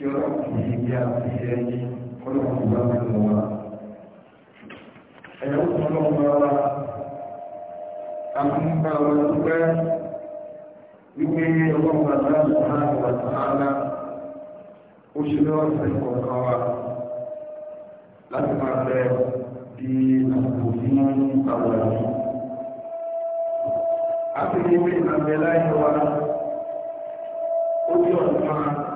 kí ọlọ́run kì í bí a fi ṣe ẹni ọlọ́run kì bá mi lọ wá. ẹ̀yọ́ fún ọlọ́run bá wa a máa ń bá wa dúpẹ́ wípé ọlọ́run láti máa bẹ di àpò ní àwọn àti. a ti ní pé ìlànà ẹ̀láyé wa ó jẹ́ ọ̀sán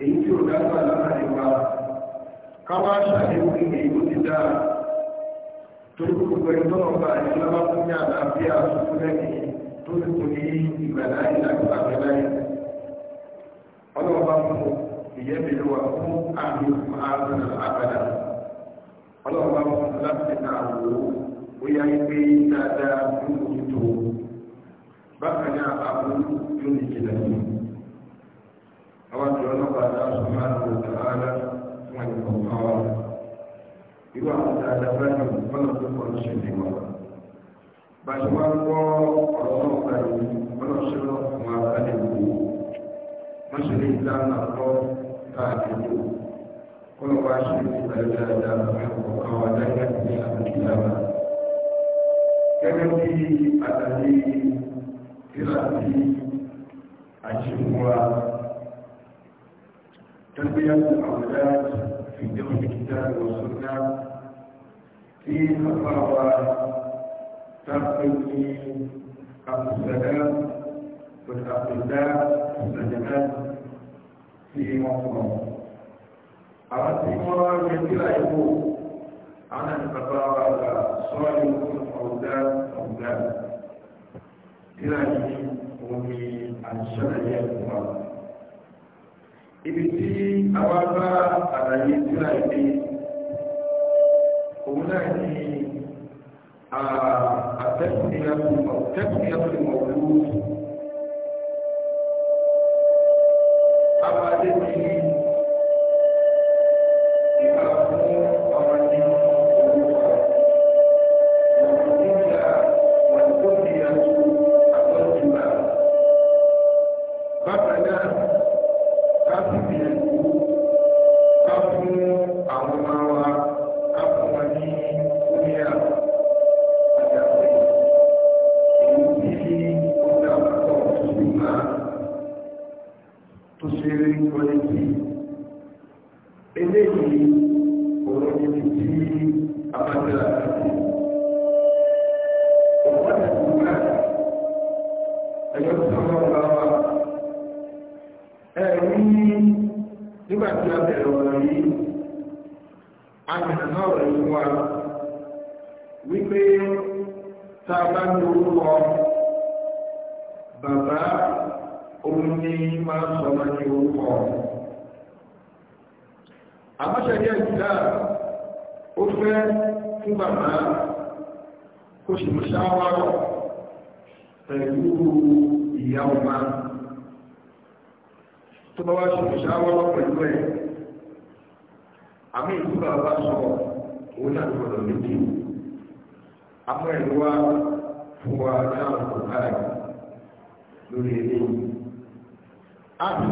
èyí tí ó dágbà láàrin wa káwá ṣàdéhùn ní èyí ti dá torí gbogbo ìtọ́nà ọba ìṣẹ́lá fún ní àlàáfíà lẹ́yìn tó kò ní ìgbàlá ọlọ́ọ̀bá mi fún àmì ààrùn àbàdà ọlọ́ọ̀bá láti náà wò ó dáadáa bákan náà yóò ní àwọn àjọ Allah subhanahu wa ta'ala fún ẹni kọ̀ọ̀kan wa irú àwọn dáadáa bá ní ọ̀nà tó kọ̀ ní ṣèlè wa bá ṣe wá ń gbọ́ ọ̀rọ̀ náà kàrí ọ̀nà ṣe lọ fún wa ká lè gẹ́gẹ́ bí àtàlẹ́ ìlànà àṣìwò تلبية الأولاد في دم الكتاب والسنة في الأخوة في أبو السلام والأقلاء السجنات في مصر أردت مرة يجرى يقول أنا أتبارك صالح الأولاد أولاد إلهي ومن الشرع يقول ibi tí àwa bá àlàyé síra ìdí òun náà ní àtẹ́kùnrin ẹ̀kùn ọ̀tẹ́kùn lọ́wọ́ pẹ̀lú ẹ̀ àmì ìtura bá sọ òun náà gbọdọ̀ méjì àmọ́ ẹ̀rọ wa fún wa náà kò káyà lórí a ti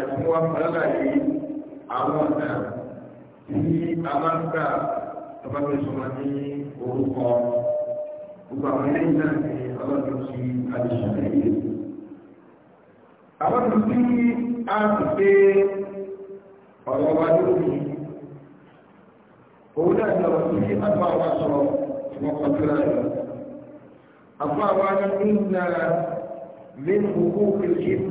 àìsí wa pàlàyé àwọn ọ̀nà tí a máa ń gbà tọ́bátẹ́sọ́mọ ní orúkọ gbogbo àwọn ilé ìjà ní ọlọ́dún sí àdìsọ́lẹ̀ yìí. àwọn tí a ti pé ọ̀rọ̀ wa lórí òun náà lọ sí apá wa sọ tí wọ́n kọ́ síra rẹ̀. wa ní ìlànà lẹ́nu òkú kìlìkìlì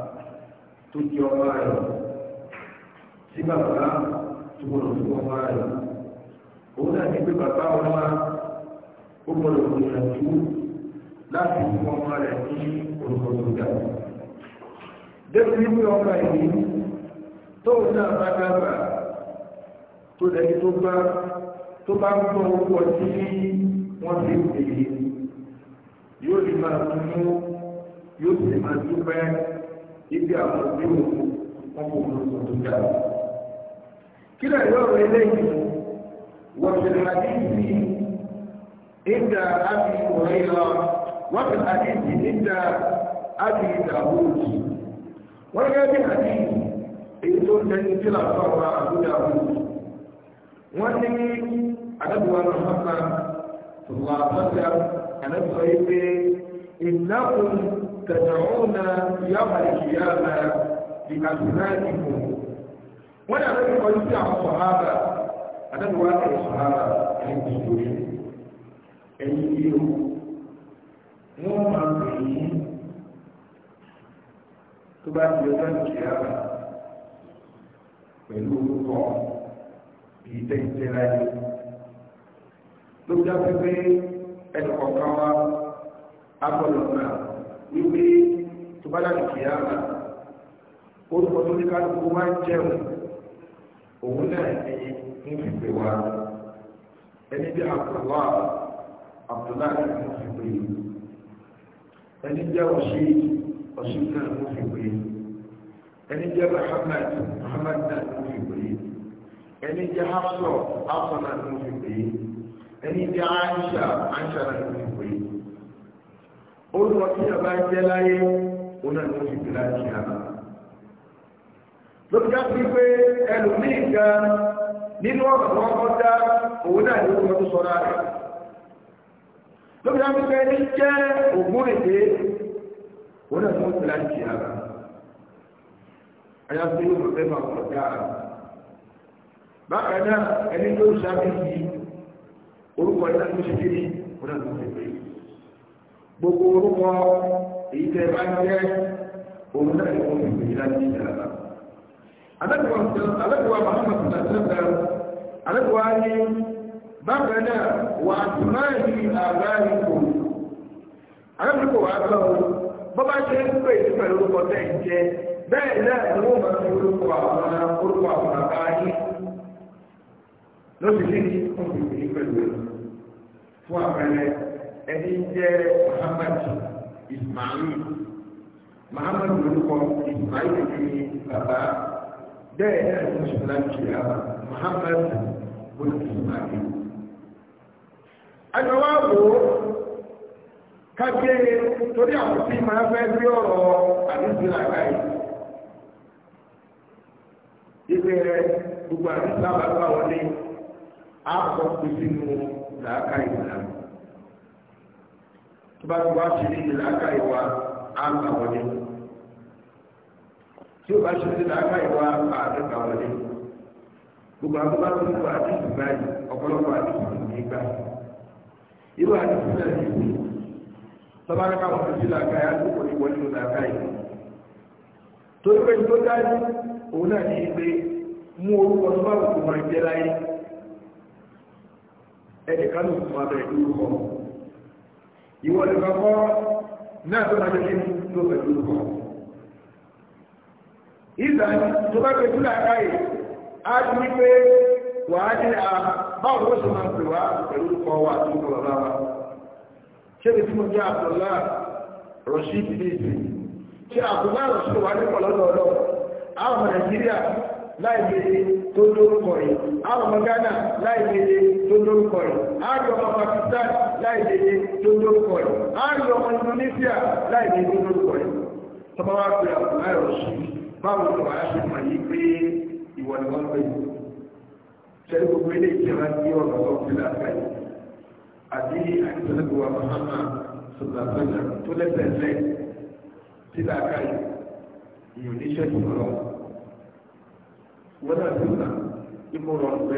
tó di ọmọ rẹ̀ tí bàbá tó gbọdọ̀ tó ọmọ rẹ̀ òun náà ti pé bàbá ọmọ ó gbọdọ̀ gbìyànjú láti fún ọmọ rẹ̀ ní olùkọ́sọ̀gà débí wípé ọmọ ìlú tó náà bá dábàá tó lẹ́yìn tó bá tó bá ń gbọ́ owó ọtí wọ́n fi ń pè é yóò lè máa tún yóò sì máa dúpẹ́ ibi àwọn òbí òkú ọmọ òkú tó dára. kí lè yọ ọ̀rọ̀ eléyìí wọ́n fi hadithi ìdá àbí òrìlọ wọ́n fi hadithi ìdá àbí ìdàwóòjì wọ́n gẹ́gẹ́ bí hadithi èyí tó ń tẹ́ni tí làwọn àwọn àbúdà wọ́n ní àdàbọ̀ àwọn ọ̀sán tó wà sọ́jà àdàbọ̀ yìí pé ìnáwó tẹ̀sán yọ̀bà ìkìyàmà ìkàtúnáìkù wọ́n yà lórí kọjú sí àwọn sọ̀hábà àtẹ́lùwà àwọn sọ̀hábà ẹ̀yìn ìdòrí ẹ̀yìn ìlú wọ́n máa ń pè yí tó bá ti ọjọ́ ìkìyàmà pẹ̀lú orúkọ ìtẹ́jẹ́ láyé ló jẹ́ pé ẹnì kọ̀ọ̀kan wa agbọ́dọ̀ náà wípé tó bá láti kìí àmà orúkọ tó ní kálukú wá ń jẹun òun náà ní ń fi pè wá ẹni bí àbúrò àbúrò ní ń fi pè ẹni jẹ́ ọ̀ṣì ọ̀ṣì náà ń fi pè ẹni jẹ́ Muhammad Muhammad náà ń fi pè ẹni jẹ́ hafsọ hafsọ náà ń fi pè ẹni jẹ́ Aisha Aisha náà ń fi pè orúkọ tí a bá jẹ́ láyé òun náà ni ó ti fi láti àná lókè á sí pé ẹlòmíì gan nínú ọ̀rọ̀ tó wọ́n dá òun náà ni ó kọ́ tó sọ rárá lókè á sí pé ní jẹ́ ògún èdè òun náà ti láti àná ayá sí yóò fẹ́ máa pọ̀ dáa bákan náà ẹni tó ṣàbí yìí orúkọ ìlànà tó ṣe kiri ti pè gbogbo orúkọ èyí tẹ bá jẹ́ òun náà ni wọ́n fi gbèyí láti ìjàlá. Alẹ́kùnwá Mahamadu náà sẹ́fẹ̀ alẹ́kùnwá ní bákan náà wà àtúnáà ní àgbáyé kò. Alẹ́kùnwá wà lọ bọ́bá ṣe ń pè sí pẹ̀lú orúkọ tẹ̀ ń jẹ bẹ́ẹ̀ náà ni wọ́n máa fi orúkọ àwọn orúkọ àwọn àbáyé lóṣìṣẹ́ ní wọ́n fi fún àpẹẹrẹ ẹni jẹ́ Muhammad Ismail Muhammad lórúkọ Ismail ní bàbá bẹ́ẹ̀ náà ní Ismail kìlá Muhammad bọ́lá Ismail. Àjọwá wo kájé e torí àwọn ọrụ máa fẹ́ gbé ọ̀rọ̀ àdúgbò àgbáyé. Ìbéèrè gbogbo àdúgbò àbáwọlé á làákàyè náà. tó bá ti wá ṣe níbi làákà ìwà àgbà wọlé tí ó bá ṣe níbi ìwà àgbà wọlé gbogbo tó ń gba àdìsí báyìí ọ̀pọ̀lọpọ̀ àdìsí irú àdìsí náà sí yà tó wọlé ní yìí torí pé tó dájú òun náà mú orúkọ tó ìwọ lè kọ́kọ́ náà tó máa jẹ́ kí tó fẹ́ tó kọ́. ìgbà tó bá fẹ́ túlà káyè á ti ní pé wàá ní a báwo ló ṣe máa pè wá pẹ̀lú kọ́ tó bàbá wa. ṣé ibi tí mo jẹ́ ṣé tó lórúkọ rẹ̀ àrọ̀mọ Ghana láìdédé tó lórúkọ rẹ̀ àrọ̀mọ Pakistan láìdédé tó lórúkọ rẹ̀ àrọ̀mọ Indonesia láìdédé tó lórúkọ rẹ̀ tọ́ba wá pé àwọn ayọ̀ sí báwo ni wàá ṣe mọ̀ yí pé ìwọ ni wọ́n pè é sẹ́ni gbogbo ilé ìjọba tí ọ̀rọ̀ sọ fi láàbà yìí àti àìsànlẹ́gbẹ̀wà mahama sọ̀tàfẹ́lẹ̀ tó lẹ́sẹ̀ lẹ́ sí láàbà yìí ìyọ̀níṣẹ́ ìmọ̀ràn wọ́n náà ti sàn ipò rọrùn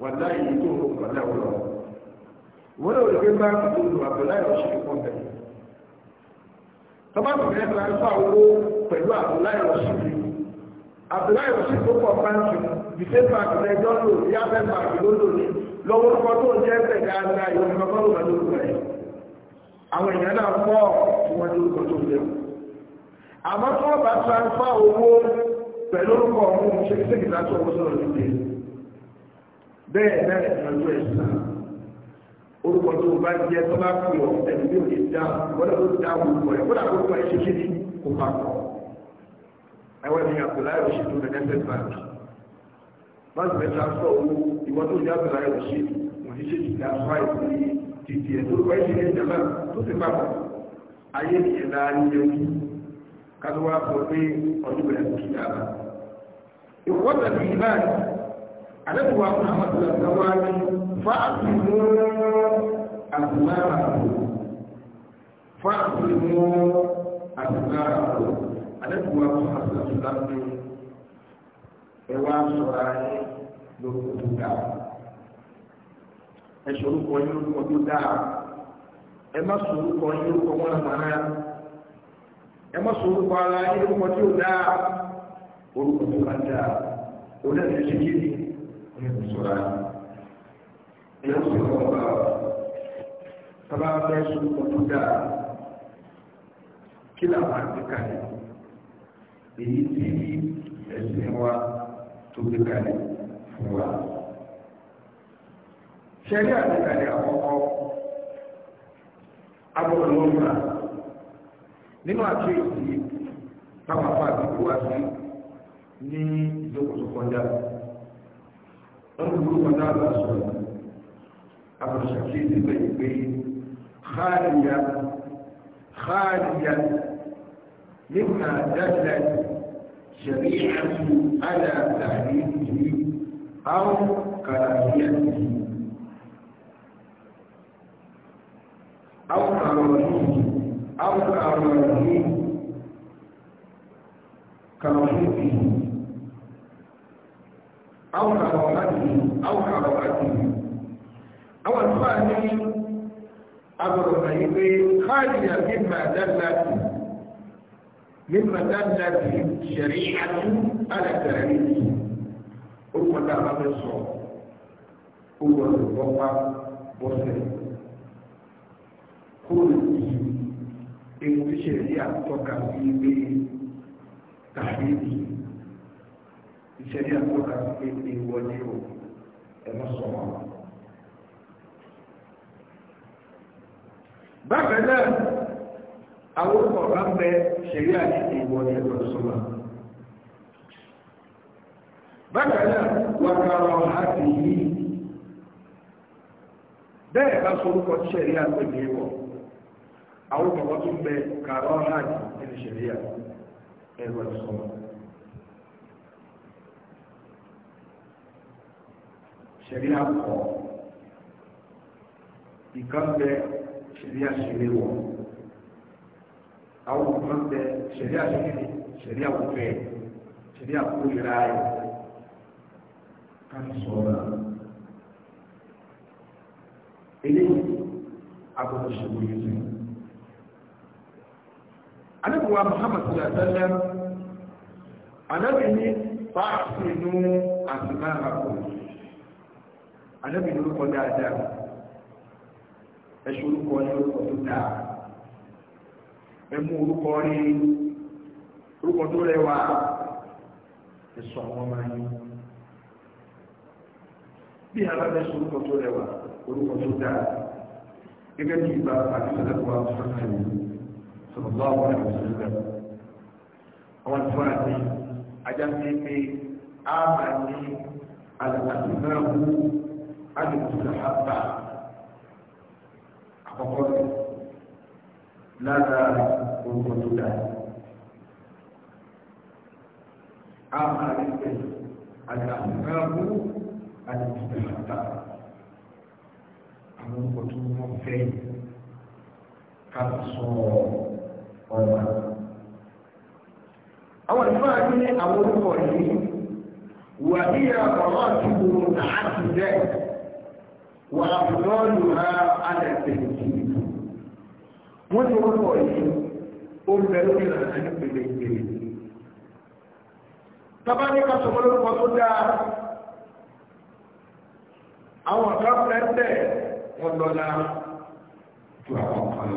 wà láyé tó wà láwọ lọ. wọ́n náà wòlé bá olùdó àbúláyé ọ̀ṣẹ́ ìpọ̀ bẹ́ẹ̀. tọ́ba bẹ̀rẹ̀ bá ń fa owó pẹ̀lú àbúláyé ọ̀ṣẹ́ mi. àbúláyé ọ̀ṣẹ́ tó pọ̀ báńkì lò ní fọ́ pẹ̀lú orúkọ ọ̀hún ṣe kí sẹ́kì láti ọwọ́ sọ̀rọ̀ níbi bẹ́ẹ̀ bẹ́ẹ̀ ìrìnàjò ẹ̀sà orúkọ tó bá jẹ́ tó bá pè ọ́ ẹ̀mí bí òye dá wọ́n lọ́wọ́ dá orúkọ ẹ̀ wọ́n àkókò ẹ̀ ṣe kí ni kò bá kọ́ ẹ̀wọ́n ni àkùláyọ̀ òṣèlú ẹ̀ẹ́dẹ́gbẹ̀ẹ́ báńkì báńkì mẹ́ta sọ owó ìwọ́n tó jẹ́ àkùláyọ̀ òṣèlú òṣìṣẹ́ ìdá fáìlì títí ẹ̀ tó kọ́ ẹ̀ ṣe ní ìjọba tó ti pàpọ̀ ayé ìyẹn láàrin yẹn kátó wá fún pé ọdún rẹ̀ kì í dára. ìwọ́tà bíi báyìí àdébùwà fún àwọn ìlànà wa ní fáàtì mú àtùmára fáàtì mú àtùmára àdébùwà fún àwọn ìlànà ẹwà sọ̀rọ̀ ayé lóko tó dáa ẹ sọ̀rọ̀ yín lóko tó dáa ẹ má sọ̀rọ̀ kọ́ yín lóko wọn àmàlà. ẹ mọ́ sọ orúkọ ara yín orúkọ tí ó dáa orúkọ tó bá dáa onídàájọ́ ṣe kí ni onídàájọ́ sọ̀rọ̀ ara ẹ̀ ń sọ̀rọ̀ ọ̀gá tọ́lá fẹ́ sọ orúkọ tó dáa kí làwọn àti èyí wa tó gbé fún wa. àti àkọ́kọ́ nínú àkíyèsí táwọn afá àdúgbò wá sí ní ìjókòó tó kọjá wọn kúrò kọjá lọ sọ̀rọ̀ àbùsàkíyèsí bẹ́ẹ̀ pé xaaliya xaaliya nígbà dáadáa شريعة على تعليمه أو كراهيته أو كراهيته أو أمره كمحبه أو كرامته أو كرامته أو الثاني أمر غيبي خاليا مما دلت مما دلت شريعة على تاريخ أمة الله الصوم أمة الله بصر كل ewu ṣẹ̀rí àtọ́ka sí ilé tàbí ìṣẹ̀rí àtọ́ka sí ilé wọlé o ẹ̀rọ sọ̀rọ̀. bákan náà àwọn ọ̀rọ̀ ń bẹ ṣẹ̀rí àti ìwọlé ẹ̀rọ sọ̀rọ̀. bákan náà wàkàrọ̀ àti yìí bẹ́ẹ̀ ṣẹ̀rí àwọn bàbá tó bẹ kàrọ hajj nínú ṣẹlẹ̀ ẹ̀rọ ìsọmọ ṣẹlẹ̀ àkọ ìkan bẹ ṣẹlẹ̀ àṣẹlẹ̀ wọ àwọn kan bẹ ṣẹlẹ̀ àṣẹlẹ̀ ṣẹlẹ̀ àwùfẹ ṣẹlẹ̀ àkóyèrè ayọ̀ káàkiri sọ̀rọ̀ eléyìí agbọ́dọ̀ ṣe wọlé sí i anábìwá Muhammad sallẹ́m anábì ní fáàsì inú àtìmá àpò anábì ní orúkọ dáadáa ẹṣù orúkọ ní orúkọ tó dáa ẹmú orúkọ rí orúkọ tó rẹwà ẹ̀sọ́ àwọn ọmọ yìí bí alábẹ́sọ orúkọ tó rẹwà orúkọ tó dáa gẹ́gẹ́ bí ìgbà àti ìṣẹ̀lẹ̀ tó wà fún ẹ̀yìn sallallahu alaihi wasallam àwọn ìfọ́nà sí ajá sí pé a máa ní alàtìmáwù alùpùpù àkọ́kọ́ lára orúkọ tó dáa a máa rí pé alàtìmáwù alùpùpù àwọn orúkọ tó wọ́n fẹ́ ká sọ ọ́ ọba. Àwọn ìfọ́ àti ní àwọn orúkọ yìí wà ní ọ̀rọ̀ àti gbogbo àti rẹ̀ wà lọ́ọ̀lù ha alẹ́sẹ̀ yìí. Wọ́n ti orúkọ yìí ó ń bẹ ìlànà ní pèlè ìpèlè. Tọ́ba ní ká sọ tó dáa. Àwọn ọ̀gá pẹ́ńtẹ̀ wọ́n ju àwọn kan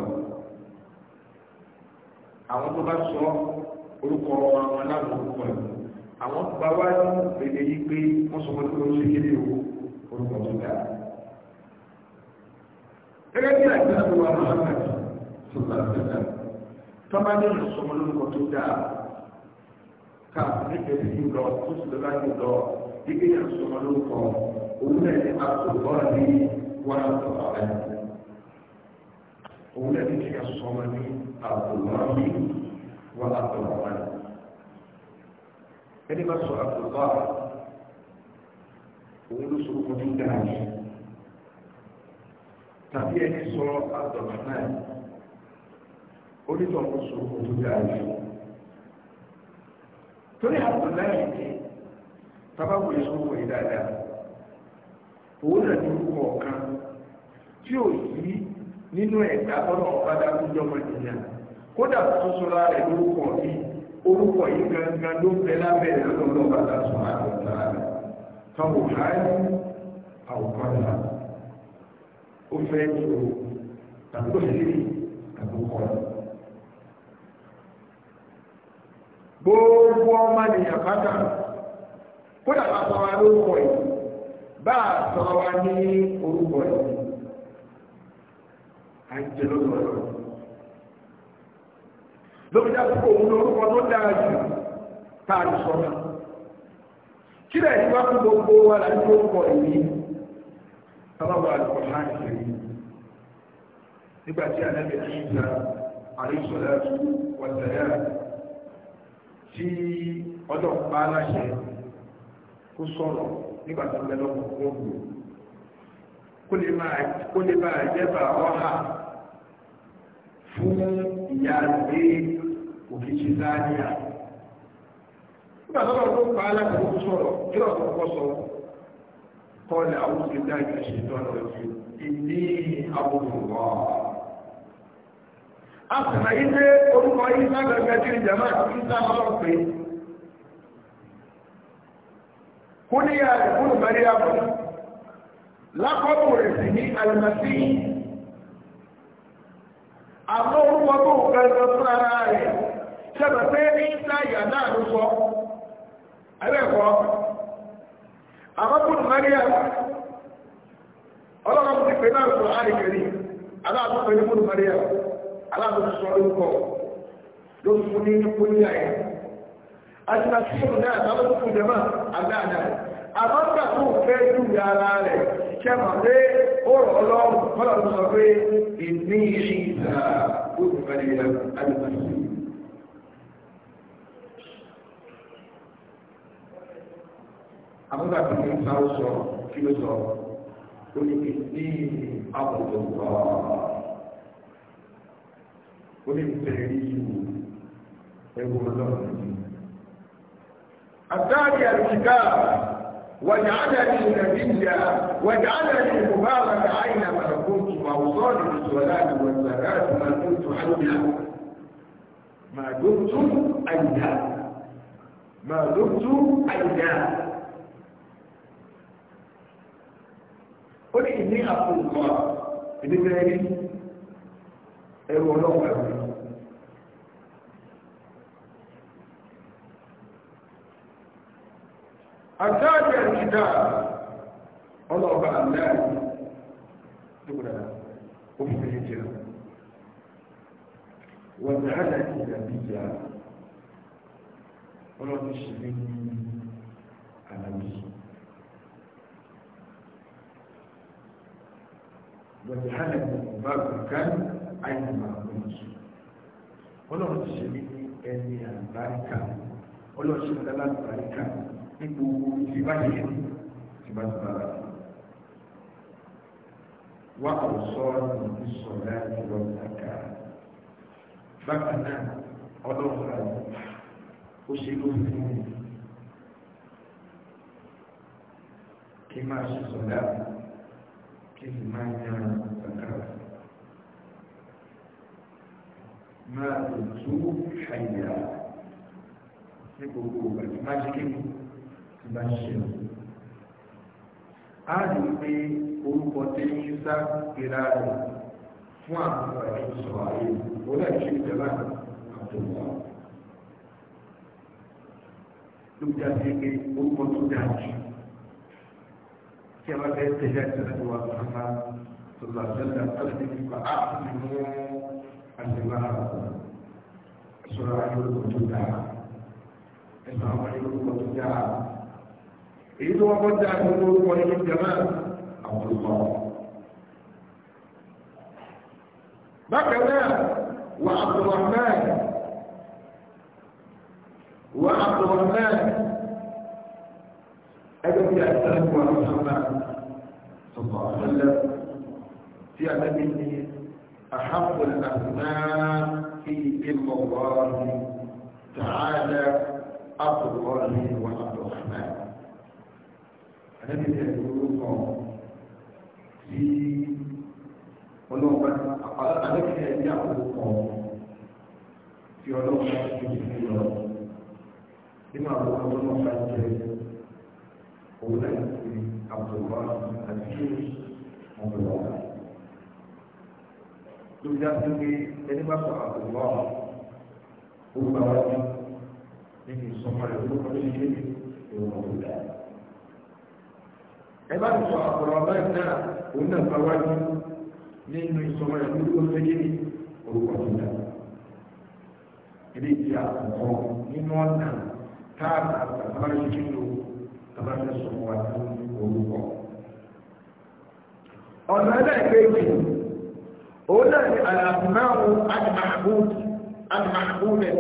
àwọn tó bá sọ orúkọ àwọn aláàbò orúkọ ẹ̀ àwọn tó bá wá lédè yìí pé wọ́n sọ wọn tó ṣe kéde o orúkọ tó dáa. gẹ́gẹ́ bí àìsàn àti wà Muhammad sọ̀rọ̀ àtẹ̀tà tọ́ba ní ìsọmọ lórúkọ tó dáa ká nífẹ̀ẹ́ sí lọ tó sì lọ́la yìí lọ gbígbé ìsọmọ lórúkọ òun náà ní àtòkọ́ rí wọn àtọ̀kọ́ rẹ̀ òun lẹ́ni kí a sọ ọmọ ní àbùmọ́bí wà àbùmọ́bí ẹni bá sọ àbùmọ́ òun ló sọ ọmọ tó dáa yìí tàbí ẹni sọ àbùmọ́ náà onítọ̀ ọmọ sọ ọmọ tó dáa yìí torí àbùmọ́ yìí ni tábàbù yìí sọ yìí dáadáa òun náà ní orúkọ ọ̀kan tí ò yí nínú ẹ̀dá tọ́nà ọ̀padà kújọmọ ènìyàn kódà tó sọ́ra rẹ̀ lórúkọ yìí orúkọ yìí gangan ló bẹ lábẹ́ rẹ̀ lọ́dọ̀ bàtà sọ àtọ̀tà rẹ̀ tọ́wò háyé àwòkọ́dà ó fẹ́ tó tàbí òṣèré àbúkọ gbogbo ọmọ nìyàn pátá kódà bá sọ wa lórúkọ yìí bá sọ wa ní orúkọ yìí à ń jẹ lọ́dọ̀ ọ̀rọ̀ lóbi dá púpọ̀ òun lórúkọ tó dáa jù tá a lè sọ ọ́ kí lè ní wá fún gbogbo wa láti lórúkọ èyí sábàbà àlùkò náà ń ṣe nígbà tí ànábì ní ìgbà àríṣọlá wọ̀tẹ̀yà tí ọlọ́run bá láṣẹ kó sọ̀rọ̀ nígbà tó ń bẹ lọ́kùnkùn ògùn kó lè máa jẹ́ bá wọ́n hà fún ìyá rẹ̀ òfin ṣe sáàdìyà nígbà tó lọ́wọ́ tó pa alákòókò sọ̀rọ̀ kí lọ́wọ́ kọ́ sọ kọ́lẹ̀ àwọn òṣèlú dájú ṣètò ọ̀nà òfin ìní àbúrò Àtàrà ilé orúkọ ìsá gbẹ̀gbẹ̀ tí ìjàmà àmọ́ orúkọ tó gbẹ̀gbẹ̀ fún ara rẹ̀ ṣẹlẹ̀ pé ìta ìyà náà ló sọ ẹlẹ́kọ́ àmọ́kùnrin Maryam ọlọ́run ti pè náà sọ àríkẹ̀rí aláàtúnfẹ́ ní kùnrin Maryam aláàtúnfẹ́ sọ lórúkọ ló fún ní kúnyà ẹ̀ àti náà tábọ́ tó jẹ́ máa àgbà náà àmọ́kà tó fẹ́ dùn yàrá rẹ̀ ó rọ̀ ọlọ́run kọ́lá ló sọ pé ìní ìṣí ìlà ó sì fẹ́ lè àdìgbà sí. àbúgbà tó ní sáwọ́ sọ kí ló sọ ó ní ìní àbùkù ọ̀ ó ní ìtẹ̀lé ìwò ẹ̀wọ̀n ọlọ́run. àtàkì واجعلني نبيا واجعلني مبارك اينما كنت واوصاني بالصلاه والزكاه ما كنت حيا ما دمت ايا ما دمت ايا قل اني اقول الله ابن مالي ايوه لو أتابع الكتاب الله أبقى الله تقول لها أفت الهجرة وانحلت نبيا الله تشغلني على نفسه وانحلت نبيا كان أينما كنت الله تشغلني أني أنباركا الله تشغلني أنباركا ní gbogbo ìbáṣe ìbáṣepára. wá ọ̀sọ́ ìlú sọ̀rọ̀ ìlú ọ̀sàkà bákan náà ọlọ́run rẹ̀ ó ṣe ló fún mi kí n máa ṣe sọ̀rọ̀ kí n sì máa yan ọ̀sàkà. ما كنت حيا ní gbogbo ìgbà tí má tí bá ń ṣe lọ. a rí i pé orúkọ tí ń sá ìra rẹ̀ fún àwọn ẹ̀rọ sọ̀rọ̀ ayé ó lè ṣe ìjọba àtọ̀wọ́. ló já sí pé orúkọ tó dáa jù tí a bá fẹ́ tẹ̀lé àti ìrẹ́lẹ̀ wa fún wa tó lọ sẹ́lẹ̀ àti ìfipá àti ìmú àti ìmọ̀ àwọn sọ̀rọ̀ ayé orúkọ tó dáa. ẹ̀sán àwọn ayé orúkọ tó dáa. إذ وقد أكبر قريب الجمال عبد الله بكنا وعبد الرحمن وعبد الرحمن أدب يا أستاذ وعبد الرحمن صلى الله عليه وسلم في أدب أحب الأمان في إلا الله تعالى أطول وأطول àdébí tẹ̀ lóró sàn tí ọlọ́ọ̀bá àdébí tẹ̀ ní àkókò kan tí ọlọ́ọ̀bá ti fi fún lọ nínú àwọn ọlọ́ọ̀bá jẹ òun náà ti àbùrọ̀ àti jùlọ àbùrọ̀ lórí dájú pé ẹni bá sọ àbùrọ̀ ó gbà wájú nínú ìsọmọ rẹ̀ ló kọjú sí ìwọ̀n òkúta. e bá sọ ọ̀rọ̀ báyìí náà òun náà bá wájú nínú ìsọmọ ẹ̀ ní orúkọ méjì ní orúkọ tó ilé ti àkọ́kọ́ nínú ọ̀nà táàbà àtàbárí kílò àbáfẹ́ sọmọ wa orúkọ. ọ̀nà ẹlẹ́ẹ̀kejì òun náà ni àlàfínáwó àdìmáàbù àdìmáàbù rẹ̀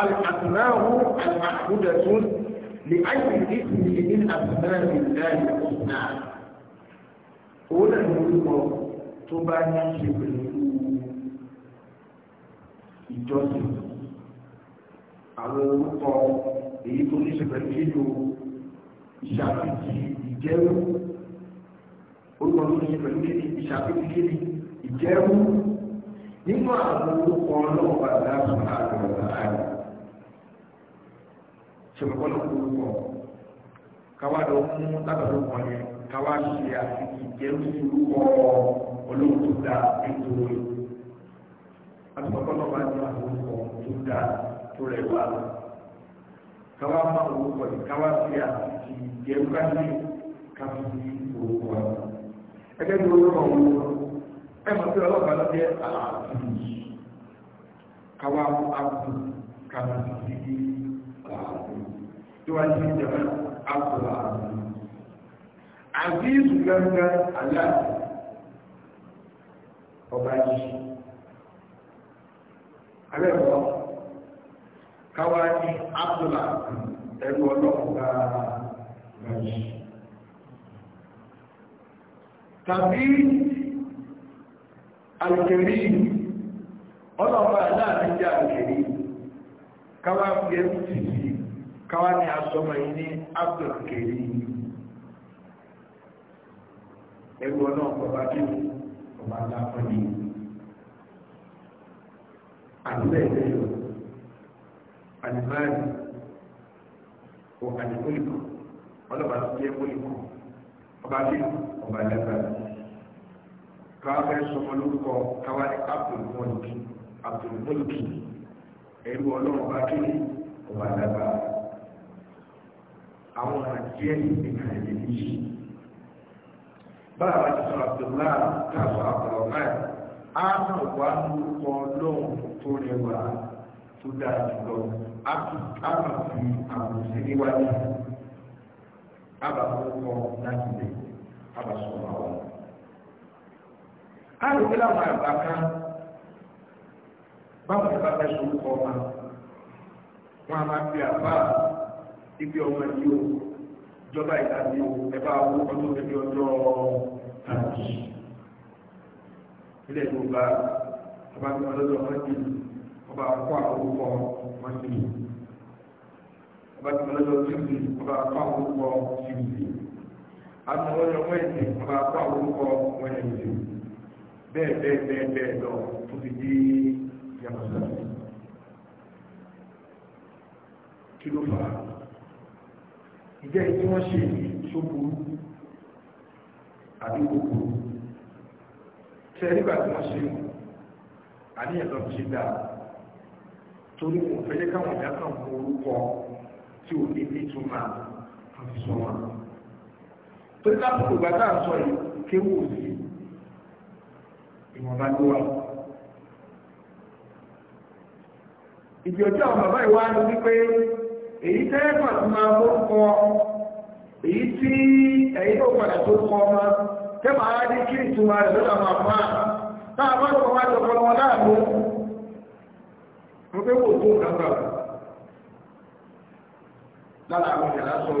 àlàfínáwó àdìmáàbù لأي اسم من أسماء الله الحسنى òun náà ló ń bọ̀ tó bá ní ṣe pẹ̀lú ìjọsìn àwọn orúkọ èyí tó ní ṣe pẹ̀lú lílo ìṣàfihàn ìjẹ́rú orúkọ tó ní ṣe pẹ̀lú ìṣàfihàn ìjẹ́rú nínú àwọn orúkọ ọlọ́ọ̀bà láti máa lọ láàárín sọ̀rọ̀kọ́lọ̀ orúkọ káwá lọ mú lábàlú kan yẹn káwá ṣe àfihàn ìjẹ́rú sí orúkọ olóhùn tó dáa ètò rẹ̀ àtúbọ̀kọ́lọ̀ bá ní àwọn orúkọ tó dáa tó rẹwà káwá má orúkọ yìí káwá ṣe àfihàn ìjẹ́rú káṣí káfí sí orúkọ yìí. ẹgbẹ́ mi orúkọ wọn ẹ mọ̀ sí ọlọ́pàá ló jẹ́ àlàáfíà káwá mú àbùkù káfí sí yìí síwájú ìjọba àpòlá àzíz gangan aláàbò ọba yìí abẹ́ẹ̀kọ́ káwá ní àpòlá ẹnu ọlọ́ọ̀gá yìí tàbí alìkẹ̀rí ọlọ́ọ̀gá aláàbò jẹ́ alìkẹ̀rí káwá fi ẹ́ káwá ní asọ́mọ̀ yìí ní abdulkari ẹrú ọ̀nà ọ̀pọ̀lọpọ̀ bí ọba aláfọ́ ni àdúrà ẹ̀rẹ́ yọ àdìmáàlì o àdìmúlìkọ̀ ọlọ́ba tó jẹ́ múlìkọ̀ ọba bí ọba alágbára káwá fẹ́ sọmọ lórúkọ káwá ní abdulmọ́lìkì abdulmọ́lìkì ẹrú ọlọ́run bá kéde ọba alágbára àwọn àjẹ́ ìgbìmọ̀ ẹ̀mí yìí báwa ti sọ abdullahi káàbọ̀ abdullahi á náà wá lórúkọ lóhùn tó rẹwà tó dáa jùlọ á máa fi àwòsí níwájú á bá lórúkọ láti lè á bá sọ̀rọ̀ àwọn. á lè wí láwọn àgbà kan báwọn ìbá sọ orúkọ ọmọ wọn a máa fi àbá ibi ọmọ ẹni o ìjọba ìtàbí o ẹbá owó ọdún ẹbí ọjọ́ tàbí ilẹ̀ yorùbá ọba tí wọn lọ́jọ́ mọ́tì ọba akọ àkókò mọ́tì ọba tí wọn lọ́jọ́ tìbì ọba akọ àkókò tìbì àmọ́ lọ́jọ́ wẹ́ẹ̀dì ọba akọ àkókò wẹ́ẹ̀dì bẹ́ẹ̀ bẹ́ẹ̀ bẹ́ẹ̀ bẹ́ẹ̀ lọ tó fi dé yàtọ̀ sáà kí ló fà á ìjẹ́ tí wọ́n ṣe ṣókùrú àbí kòkòrò tẹ nígbà tí wọ́n ṣe àníyàn lọ ṣe dà torí wọn fẹ́ jẹ́ káwọn ìyá kan mú orúkọ tí ò ní ní túmọ̀ àti sọ wọn. torí lápapọ̀ ìgbà tá à ń sọ yìí kéwù sí ìwọ̀nba ló wà. ìgbìyànjú àwọn bàbá ìwà ni wípé èyí tẹ́ẹ̀kọ̀ tí máa mú kọ èyí tí èyí tó padà tó kọ ọmọ tẹ́mà á ní kí ìtumà rẹ̀ lọ́dọ̀ máa fà á bá kọ wá jọ kọlọmọ láàmú mo wò tó kàkà lára àwọn ìyàrá sọ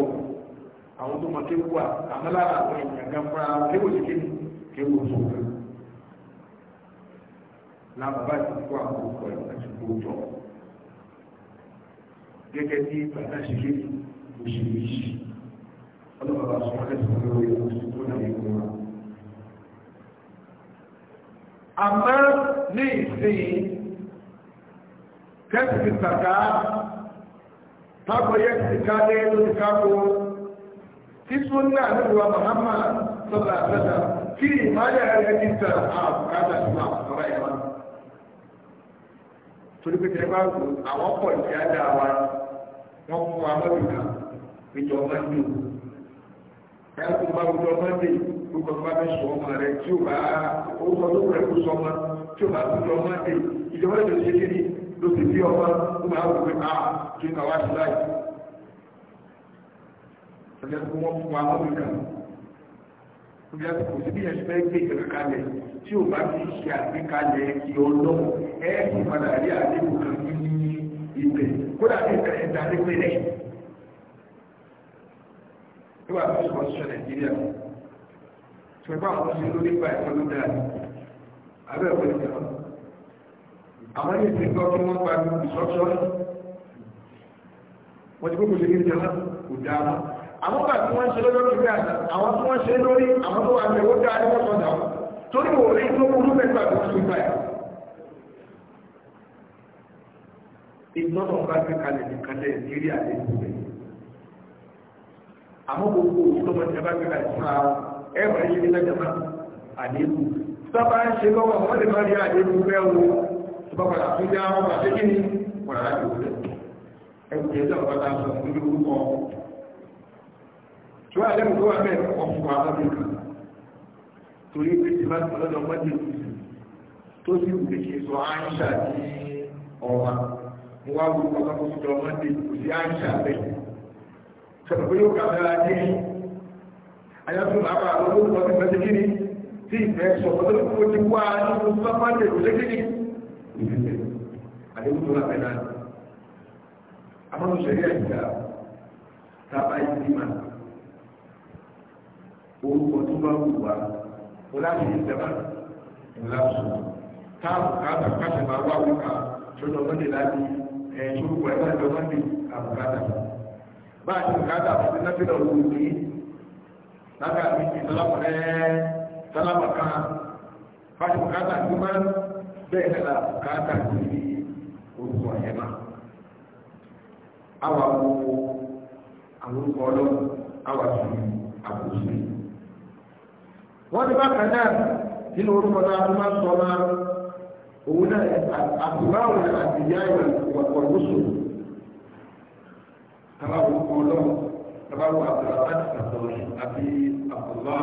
àwọn tó kéwù wà àmọ́ lára àwọn fúnra kéwù sí kéwù kéwù gẹ́gẹ́ bí bàtà ṣe lé òṣèlú yìí ọlọ́pàá sọ wọ́n lẹ́sùn lórí ọ̀sùnkú náà yìí wọn. àmọ́ ní ìsìn kẹ́sìkì sàkà tábọ̀yẹ́ sìkà lé lórí káàkó títún náà lórí wa Muhammad sọ́lá àtẹ́ta kí ìmáyà rẹ̀ ti sà àbùkátà sí ọ̀rọ̀ ẹ̀wọ̀n torí pé tẹ́lifá wò àwọn pọ̀ ní àdá wa wọ́n fún wa mọ́tò kan ìjọ mọ́tò ẹ̀rọ tó bá wùdọ̀ mọ́tò gbogbo ọba bẹ sọ ọmọ rẹ tí o bá orúkọ tó rẹ kó sọ ọmọ tí o bá wùdọ̀ mọ́tò ìjọba ètò ìṣèṣe ni ló ti fi ọmọ tó máa wù pé a ah, kí n kà wá sí láì. ọjọ́ tó wọ́n fún wa mọ́tò kan ìjọba kò sí bí ẹ̀ fẹ́ gbé ìjọba kalẹ̀ tí ò bá fi ṣe àgbékalẹ̀ kí ọlọ́run ẹ̀ sì padà rí àdéhùn kan ní ibẹ̀ kódà ní ìka ẹ̀dá ní pẹ̀lẹ́ nígbà tó ṣe kọ́síṣọ́ nàìjíríà tí wọ́n bá wọn ṣe lórí nípa ẹ̀kọ́ ló dáa ní abẹ́ ẹ̀kọ́ ìjọ àwọn yìí ti gbọ́ kí wọ́n gba ìṣọ́ṣọ́ wọ́n ti gbé kò ṣe kí ìjọba kò dáa àwọn kan tí wọ́n ṣe lórí ìgbà àwọn tí wọ́n ṣe lórí àwọn tó wà ní owó dáa ní wọ́n sọ̀dà torí wò rí tó burú mẹ́gbà tó ti gbà ẹ̀. ìtọ́nà bá gbé kalẹ̀ nìkan lẹ̀ nírí àlẹ́ ìgbẹ́. àmọ́ gbogbo ìtọ́mọ̀ tí a bá gbé kalẹ̀ fún ara ẹ̀wọ̀n yìí ní lẹ́jọ́ náà àléébù. sábà ń ṣe lọ́wọ́ wọ́n lè má rí àléébù bẹ́ẹ̀ wo tó bá padà tó àlẹ́mù tó wà bẹ́ ọ̀pọ̀ àbábẹ́kà torí pé ti máa tọ́lọ́dọ̀ mọ́jì tó sì wù lè sọ àìṣà ní ọ̀wà mo wá wo ọ̀pọ̀ tó sọ mọ́jì kò sí àìṣà bẹ́ẹ̀ sọ̀rọ̀ pé yóò kàfẹ́ ajé ayọ́tún bàbá àwọn olóòtú ọdún mẹ́tẹ́ kí ni tí ìfẹ́ sọ ọdún tó ti wá nínú sọ́mọ́jì kò sí kí ni ìfẹ́ àdéhùn tó wà bẹ́ẹ̀ náà àmọ́ orúkọ tó bá wù wá ó láti ní sẹ́wà ńláṣù táàbù káàbà káàbà máa wá wù ká sọ́dọ̀ mọ́ndé láti ẹ̀ sórúkọ ẹ̀ láti ọmọ ní àbùkátà bá a ti bùkátà fún mi lọ́fẹ́ lọ́wọ́ òní lága mi ti sálámà ẹ̀ sálámà kan bá a ti bùkátà tó máa bẹ́ẹ̀ ní àbùkátà tó ní orúkọ yẹn náà. Àwọn àwọn orúkọ ọlọ́run àwọn àti àbòsí wọ́n ti bákan náà nínú orúkọ náà ló máa ń sọ náà òun náà àtìmáwò àti ìyá ìwà ìwàpọ̀ lóṣù kábàáwò ọlọ́run kábàáwò àbúrò àti àtọ̀rọ̀ àti àbúrò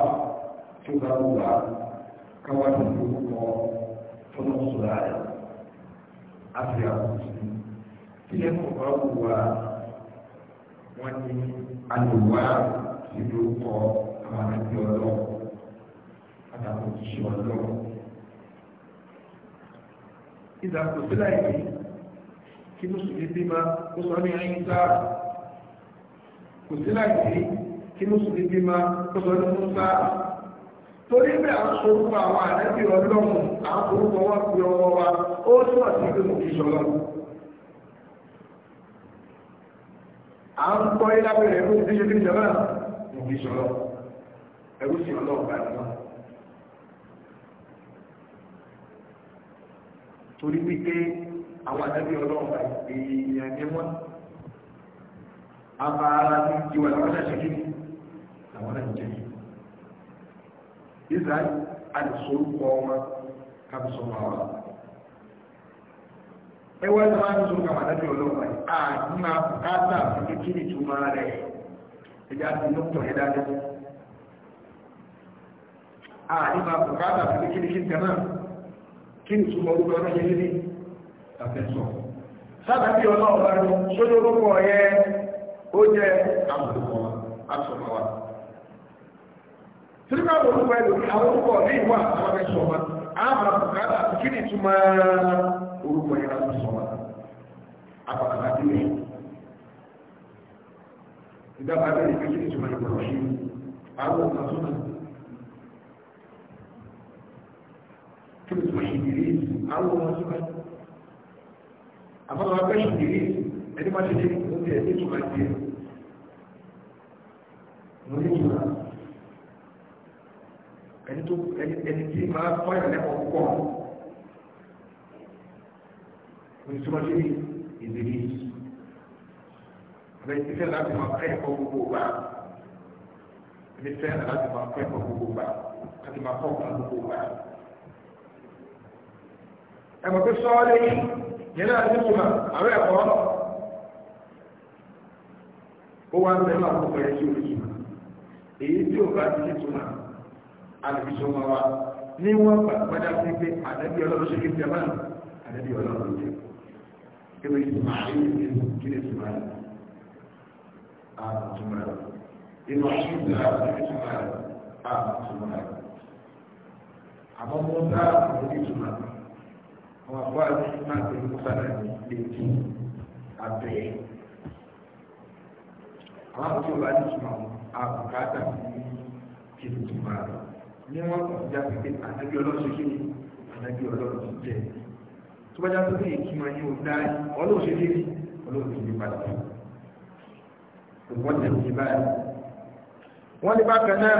tó bá wù wá káwá ní orúkọ tó lọ sọ̀rọ̀ àyà àti àbúrò tí ẹ kọ̀ bá wù wá wọ́n ní àlùwá ìlú kọ àwọn àti ọlọ́run àtàwọn òṣìṣẹ́ ọlọ́run ìdá kò sí láìpẹ́ kí mùsùlùmí bí ma ó sọ ní ẹyin sáà kò sí láìpẹ́ kí mùsùlùmí bí ma ó sọ ní musa torí bẹ́ẹ̀ àwọn sorúkọ àwọn àlẹ́bí ọlọ́run àwọn sorúkọ wọn fi ọwọ́ wa ó túmọ̀ sí pé mo fi à ń kọ́ ilé abẹ́rẹ́ ẹ̀kú ìdíje bí ìjọba mo fi sọ̀rọ̀ ẹ̀kú sí ọlọ́run torí wípé àwọn àdábí ọlọ́ọ̀bà èèyàn ní wọ́n àbá ara ní ìwà làwọn náà ṣe kíni làwọn náà jẹ israel àdìsorúkọ wọn kábísọ̀mọ́ àwọn ẹwà ẹ̀sán máa ń sọ àwọn àdábí ọlọ́ọ̀bà àti máa káàtà fún kíni ìtumọ̀ rẹ̀ ẹ̀dá ti lọ́tọ̀ ẹ̀dá dẹ́kun àti máa bùkátà fún kíni kíni kan náà kí ní túnmọ̀ orúkọ ẹgbẹ́ yẹn ní àfẹ́sọ̀ sábàbí ọlọ́ọ̀bá ní sójú orúkọ ẹ̀ ó jẹ́ àmọ̀lùkọ́ àtọ̀mọ̀ wa tí ká orúkọ ẹ̀ lórí àwọn orúkọ ní ìwà àfẹ́sọ̀ wa àmà bùkátà kí ní túnmọ̀ orúkọ yẹn láti sọ wa àpàkàtà tí lè ìdábàá tó náà tó tó ṣìdìrí àwọn ọmọ síbẹ̀ àbáwọn abẹ́ ṣìdìrí ẹni má ṣe ṣe ló ti ẹ̀sìn tó máa di ẹ̀ mo ní ìtura ẹni tó ẹni tí máa fọyọ̀ lẹ́kọ̀ọ́ pọ̀ mo ní túmọ̀ sí ìdìrí àbẹ̀ ìfẹ́ láti máa kọ́ ẹ̀kọ́ gbogbo wa ìfẹ́ láti máa kọ́ ẹ̀kọ́ gbogbo wa láti máa kọ́ ọ̀kan gbogbo wa ẹ̀mọ̀ tó sọ ọ́ lẹ́yìn yẹn náà ní ìmọ̀ àwọn ẹ̀kọ́ ó wá ń bẹ máa kó pẹ̀lú sí òfin èyí tí ò bá ti ní túmọ̀ alùpùpù máa wá ní wọ́n gbàgbọ́dá sí pé àdẹ́bí ọlọ́run ṣe kéde ọmọ àdẹ́bí ọlọ́run jẹ kébé ìtumọ̀ àyè ìlú kí ni ìtumọ̀ àyè àtúmọ̀ àyè inú àṣìṣe àti ìtumọ̀ àyè àtúmọ̀ àyè àmọ́ mọ́tà àti ìtumọ̀ àyè àwọn àbọ̀ àti máa tẹ̀ ní musa náà lè di abẹ́ àwọn àbúrò bá ní ìtumọ̀ àbùkátà ní tìlù tìmọ̀ àlọ́ ní wọ́n kàn já pé ànábì ọlọ́run ṣe kí ànábì ọlọ́run ti jẹ́ tó bá já pé ní ìtumọ̀ yìí ò dá ọlọ́run ṣe kí ọlọ́run ti gbé padà wọ́n tẹ̀lé ní báyìí wọ́n ní bákan náà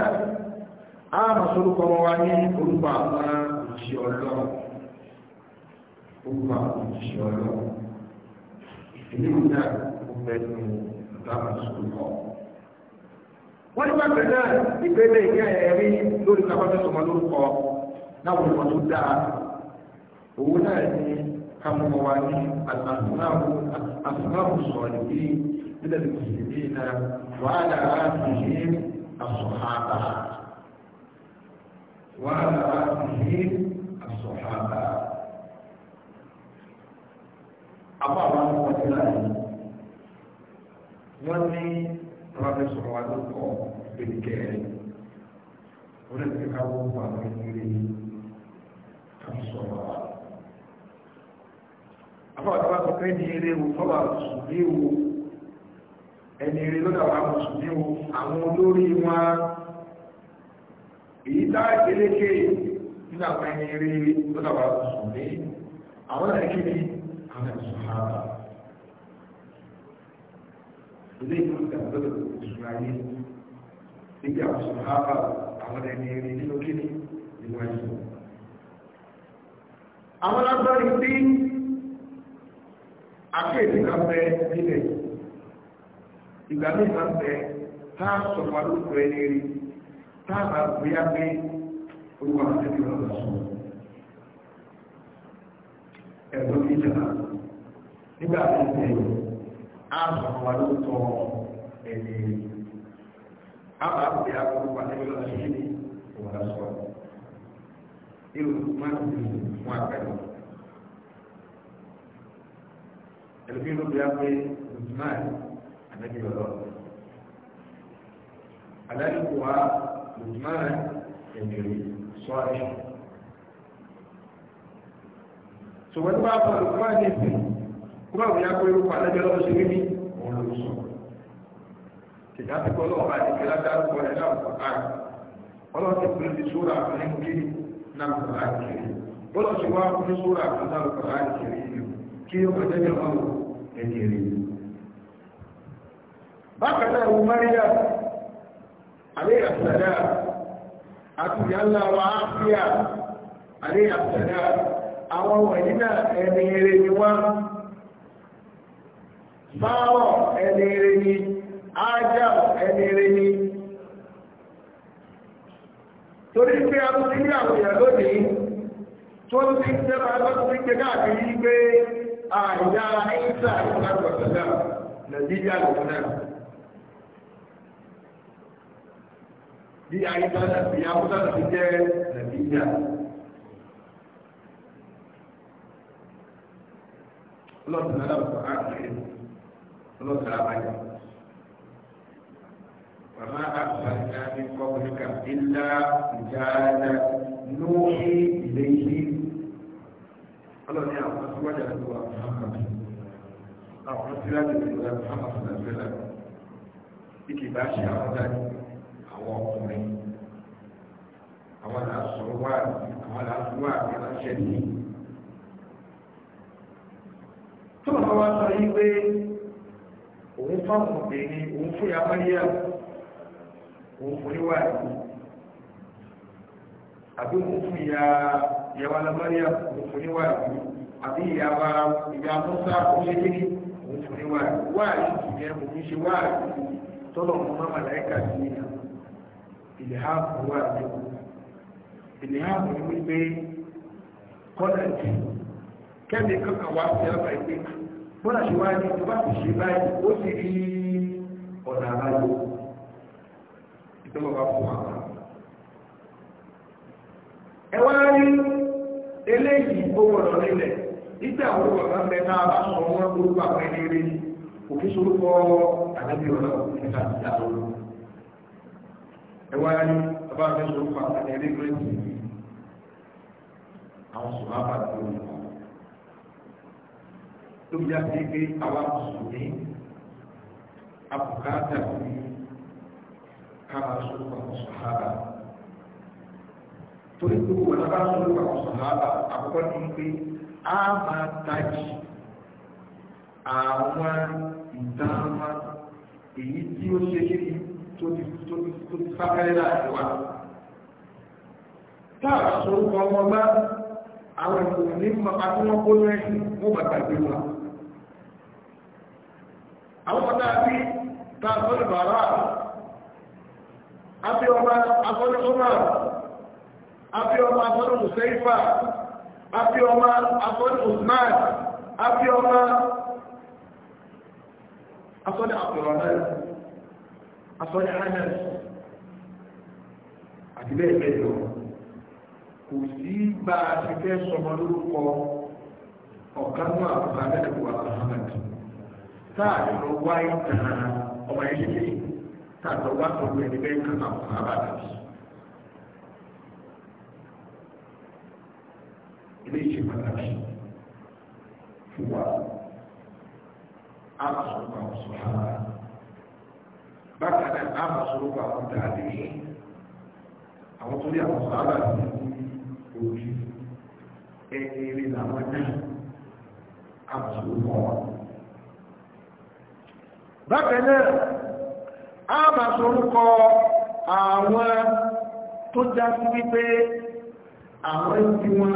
á mọ̀ wọn wá ní orúkọ àwọn òṣìṣẹ́ orúkọ àwọn òṣìṣẹ́ ọlọ́run èyí ń dà ó bẹ nù ìbámu sùn lọ. wọ́n ní wọ́n bẹ̀rẹ̀ náà ìgbélé ìyá ẹ̀rí lórí kábọ́tò sọmọ lórúkọ láwọn ọmọ tó dáa owó náà ní kámọ́mọ́ wa ní àtúnáwó sọ̀rọ̀ bí nílẹ̀ tó sì bí iná wàhálà àtúnṣe àsọ̀hábà wàhálà àtúnṣe àsọ̀hábà. Apa àwọn ọmọ ti láàyè wọ́n ní ọlọ́dẹ sọ̀rọ̀ wa ló kọ́ gbèdéke rẹ̀ wọ́n lè fi káwọ́ fún àwọn ìdílé kàmú sọ̀rọ̀ wa. àbá àwọn ọmọ pé orang. eré wo fọwọ́ àtúnṣe wo ẹni eré lọ́dọ̀ àwọn àmọ̀ṣùnmí wo àwọn olórí wọn èyí على الصحابة إذا كنت أبدو إسماعيل إذا الصحابة أولا يريدين كني لواجهه àwọn agbárí tí àkéèdè kan bẹ nílẹ̀ ìgbà míì máa ń bẹ tá a sọ̀rọ̀ àlùkò ẹni rí tá a máa gbé yá pé olúwa àti ẹni lọ́dọ̀ sọ̀rọ̀ ẹ̀dọ́ ìjọba nígbà tó ń tẹ̀lé ààbò wà ló tọ ẹ̀mí àbá àti àkókò àtẹ́wé lọ́nà ṣíṣe ní ìwọ̀n aṣọ irú máa ń bì fún àpẹẹrẹ ẹlòmíì ló bí a pé lùtùmáì ànábì ọ̀lọ́ àdáyé kò wá lùtùmáì ẹ̀mí sọ́ọ̀rẹ́ ṣùgbọ́n tó bá fọ olùkọ́ ní ìsìn kó bá wùyá pé orúkọ adájọ́ lọ́wọ́ ṣe rí òun ló sọ. kìkà ti kọ́ lọ́wọ́ bá ti kí ládàrúkọ ẹ̀ náà kọ̀ á ọlọ́run ti pín ti sóra fún ní kí náà kọ̀ á kiri ó lọ sí wá fún sóra fún náà kọ̀ á kiri kí ó kọjá ní ọmọ ẹ̀jẹ̀ rí. bákan náà wù Máríyà àlẹ́ àṣàdá àti ìyá ńlá wa á fíà àlẹ́ àṣàdá àwọn wọ̀nyí náà ẹni eré ni wọ́n sáárọ̀ ẹni eré ni ájá ẹni eré ni torí pé a tún ní àwọn lónìí tó ń ti sẹ́ra lọ́sí pé káàkiri pé àyà ìsà ìsàkọ̀sọ̀lá nàìjíríà lòun bí àyíká ọlọ́sìn aláwọ̀ àkàrẹ́ ọlọ́sìn alábàjá. Màmá àgbàjá ní kọ́mùnìkà ńlá ìjáàdá lórí ilé ilé. Ọlọ́ni àwọn aṣíwájú àti wà Mùhàmmad. Àwọn aṣíwájú àti wà Mùhàmmad fún Nàìjíríà. Bí kì bá ṣe àwọn dání, àwọn ọkùnrin. Àwọn làásùn àwọn làásùn wà nìyí. ọmọ wa sọ yí pé òun fáwọn obìnrin òun fún ìyá mọ́níyà òun fún níwà ìlú àbí òun fún ìyá ìyàwó alámọ́níyà òun fún níwà ìlú àbí ìyá wa ìyá mọ́sá òun ṣe kékeré òun fún níwà ìlú wà ìlú yẹn òun ṣe wà ìlú tọ́lọ̀ mọ́ máma láìka sí ìyá ìlẹ̀hàbù wà ìlú ìlẹ̀hàbù ni wípé kọ́lẹ̀jì kẹ́mi kankan wà sí àbá ìgbé bọ́lá ṣe wá bá ti ṣe báyìí ó ti rí ọ̀nà àbáyọ ìtọ́wọ́ fún wa. ẹ wá rí eléyìí nílẹ̀ nígbà wo mẹ náà bá sọ àwọn ẹni rí òfin sorúkọ ọ̀nà a lọ. ẹ wá rí sorúkọ àwọn ẹni ló já sí pé àwa mùsùlùmí àbùkátà sí kára sọ́kọ̀ àwọn sàhábà torí pé wọ́n lábá sọ́kọ̀ àwọn sàhábà àkọ́kọ́ ní pé a máa tají àwọn ìdáhùn èyí tí ó ṣe kí tó ti sáfẹ́rẹ́ láti wá táà sọ́kọ̀ ọmọ bá àwọn ìkòkò ní mọ̀ àti wọn kó lóyún wọ́n bàtà gbé wọn. àwọn ọmọ náà bí ta sọ́lẹ̀ bàárà àti ọmọ asọ́lẹ̀ ọmọ àti ọmọ asọ́lẹ̀ mùsẹ́ifà àti ọmọ asọ́lẹ̀ usman àti ọmọ asọ́lẹ̀ abdulrahman asọ́lẹ̀ hannes àti àti táà lọ wá ìtàn ọmọ yẹn ṣe kéyìn táà lọ wá tọ̀gbọ́ ẹni bẹ́ẹ̀ kan àwọn sábà tàbí. ilé ìṣe pàtàkì fún wa àbùsùnkà ọ̀sùnhàmà bákan náà àbùsùnkà ọ̀dàdé àwọn tó ní àwọn sábà ní ojú ẹni rí làwọn náà àbùsùnkà ọ̀dàdé bákan náà a máa sorúkọ àwọn tó já sí wípé àwọn ibi wọn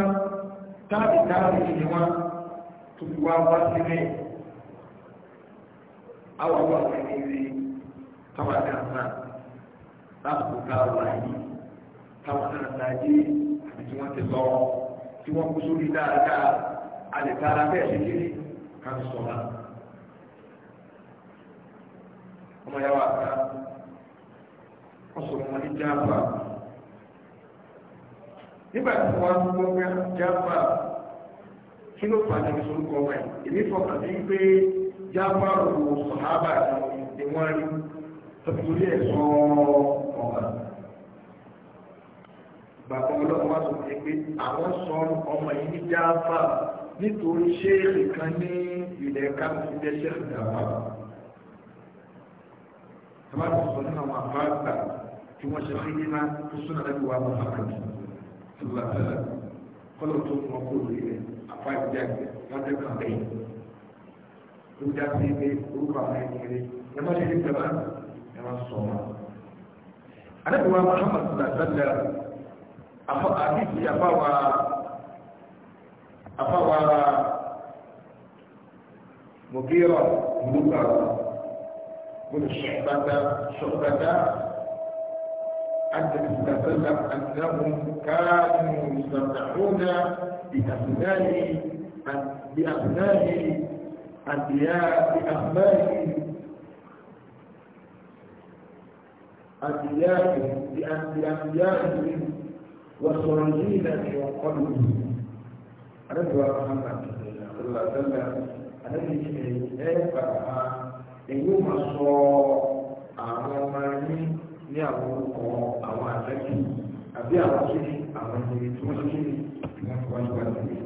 táàbì táàbì ni wọn tó fi wá wá sílẹ̀ àwọn àwọn àwọn ẹni rí táwọn àti àṣà láti kó ká wà yìí táwọn náà dájú àti tí wọ́n ti lọ tí wọ́n kú sórí dáadáa àlèkára bẹ́ẹ̀ ṣe kiri ká sọ̀rọ̀ ọmọ ya wà ká wọ́n sọ wọn ní jáfà nígbà tí wọ́n gbọ́ pé jáfà kí ló fà ní ìsorúkọ ọmọ ẹ̀ èmi fọkàn sí pé jáfà òwò sọ̀hábà ni wọ́n rí tọ́tùrí ẹ̀ sọ ọ̀gá bàbá ọlọ́run wá sọ pé pé àwọn sọ ọmọ yìí ní jáfà nítorí ṣéèrè kan ní ilẹ̀ káàkiri jẹ́ ṣéèrè tọ́ba tó sọ nínú àwọn àbáàgbà tí wọ́n ṣe fi nínú tó súnà lẹ́nu wa mọ́ àkàtì tìlúwà tẹ́lẹ̀ kọ́lọ̀ tó mọ́ kó lórí rẹ̀ àfa ìjà láti kàn lẹ́yìn. ó já sí ilé orúkọ àwọn ẹni rẹ̀ ẹ má ṣe ní ẹ má sọ wọn. àdébùwà Muhammad sàlẹ̀ àfọ àdìsí àfáwà àfáwà mọ̀kírọ̀ ìlú kàrọ̀. من شعبة شعبة أنت تتكلم أنهم كانوا يستمتعون بأبناء بأبناء أنبياء بأبناء أنبيائهم بأنبيائهم والصالحين من قبلهم رضوان محمد صلى الله عليه وسلم الذي يشهد أيها èyí mà sọ àwọn ọmọ yín ní àwọn orúkọ àwọn àtẹ́kì àbí àwọn kí àwọn ìwé tí wọ́n kí ni wọ́n fi wájú wá sí i.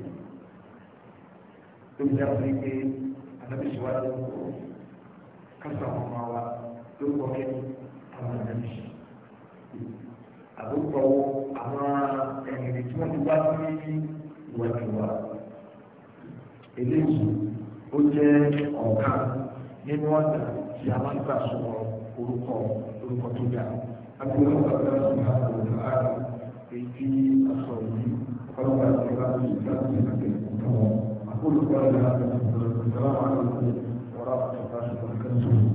ló ń já sí pé anábìsíwájú kásà wọn máa wá ló kọ́ kí àwọn anábìsí. àbúkọ àwọn ẹ̀yìn tí wọ́n ti wá sí ìwájú wa. eléyìí ó jẹ́ ọ̀kan nínú ọ̀nà tí a máa ń gbà sọ orúkọ orúkọ tó dáa. Agbóhùn ọ̀gá sí àgbòrò àrùn èyí tí a sọ yìí ọlọ́pàá ti bá ti láti àgbẹ̀ ìkọ̀tọ̀. Agbóhùn ọ̀gá sí àgbòrò àrùn èyí tí a sọ yìí ọlọ́pàá ti bá ti láti àgbẹ̀ ìkọ̀tọ̀.